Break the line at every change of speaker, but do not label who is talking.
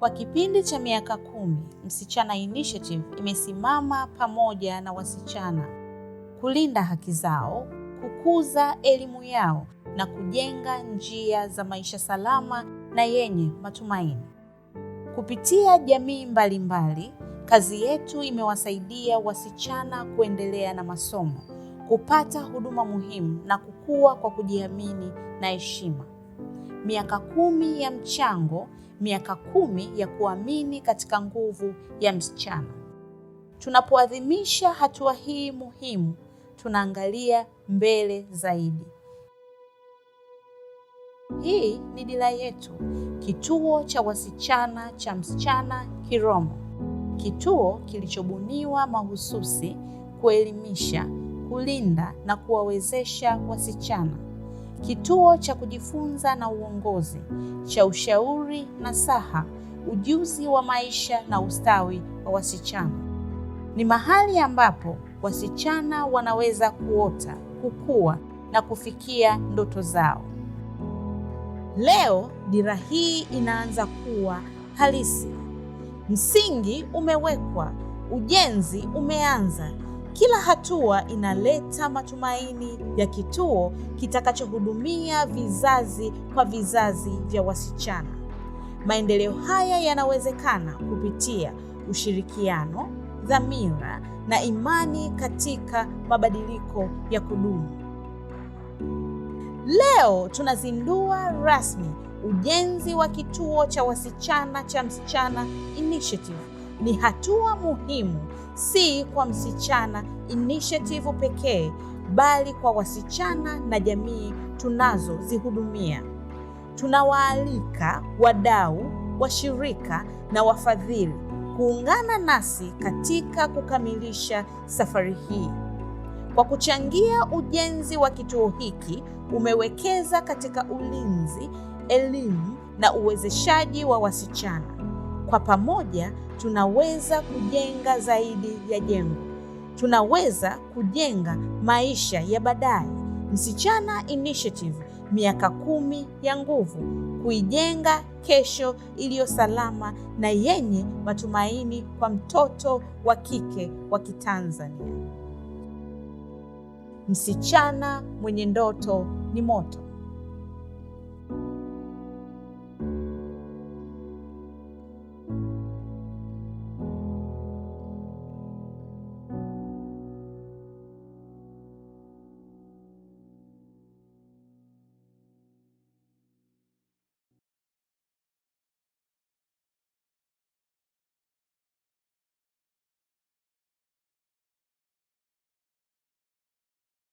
Kwa kipindi cha miaka kumi, Msichana Initiative imesimama pamoja na wasichana kulinda haki zao, kukuza elimu yao na kujenga njia za maisha salama na yenye matumaini. Kupitia jamii mbalimbali, kazi yetu imewasaidia wasichana kuendelea na masomo, kupata huduma muhimu na kukua kwa kujiamini na heshima. Miaka kumi ya mchango miaka kumi ya kuamini katika nguvu ya msichana. Tunapoadhimisha hatua hii muhimu, tunaangalia mbele zaidi. Hii ni dira yetu, kituo cha wasichana cha Msichana Kiromo, kituo kilichobuniwa mahususi kuelimisha, kulinda na kuwawezesha wasichana. Kituo cha kujifunza na uongozi cha ushauri na saha, ujuzi wa maisha na ustawi wa wasichana. Ni mahali ambapo wasichana wanaweza kuota, kukua na kufikia ndoto zao. Leo dira hii inaanza kuwa halisi. Msingi umewekwa, ujenzi umeanza. Kila hatua inaleta matumaini ya kituo kitakachohudumia vizazi kwa vizazi vya wasichana. Maendeleo haya yanawezekana kupitia ushirikiano, dhamira na imani katika mabadiliko ya kudumu. Leo tunazindua rasmi ujenzi wa kituo cha wasichana cha Msichana Initiative ni hatua muhimu, si kwa Msichana Initiative pekee, bali kwa wasichana na jamii tunazozihudumia. Tunawaalika wadau, washirika na wafadhili kuungana nasi katika kukamilisha safari hii. Kwa kuchangia ujenzi wa kituo hiki, umewekeza katika ulinzi, elimu na uwezeshaji wa wasichana. Kwa pamoja tunaweza kujenga zaidi ya jengo, tunaweza kujenga maisha ya baadaye. Msichana Initiative, miaka kumi ya nguvu, kuijenga kesho iliyo salama na yenye matumaini kwa mtoto wa kike wa Kitanzania. Msichana mwenye ndoto ni moto.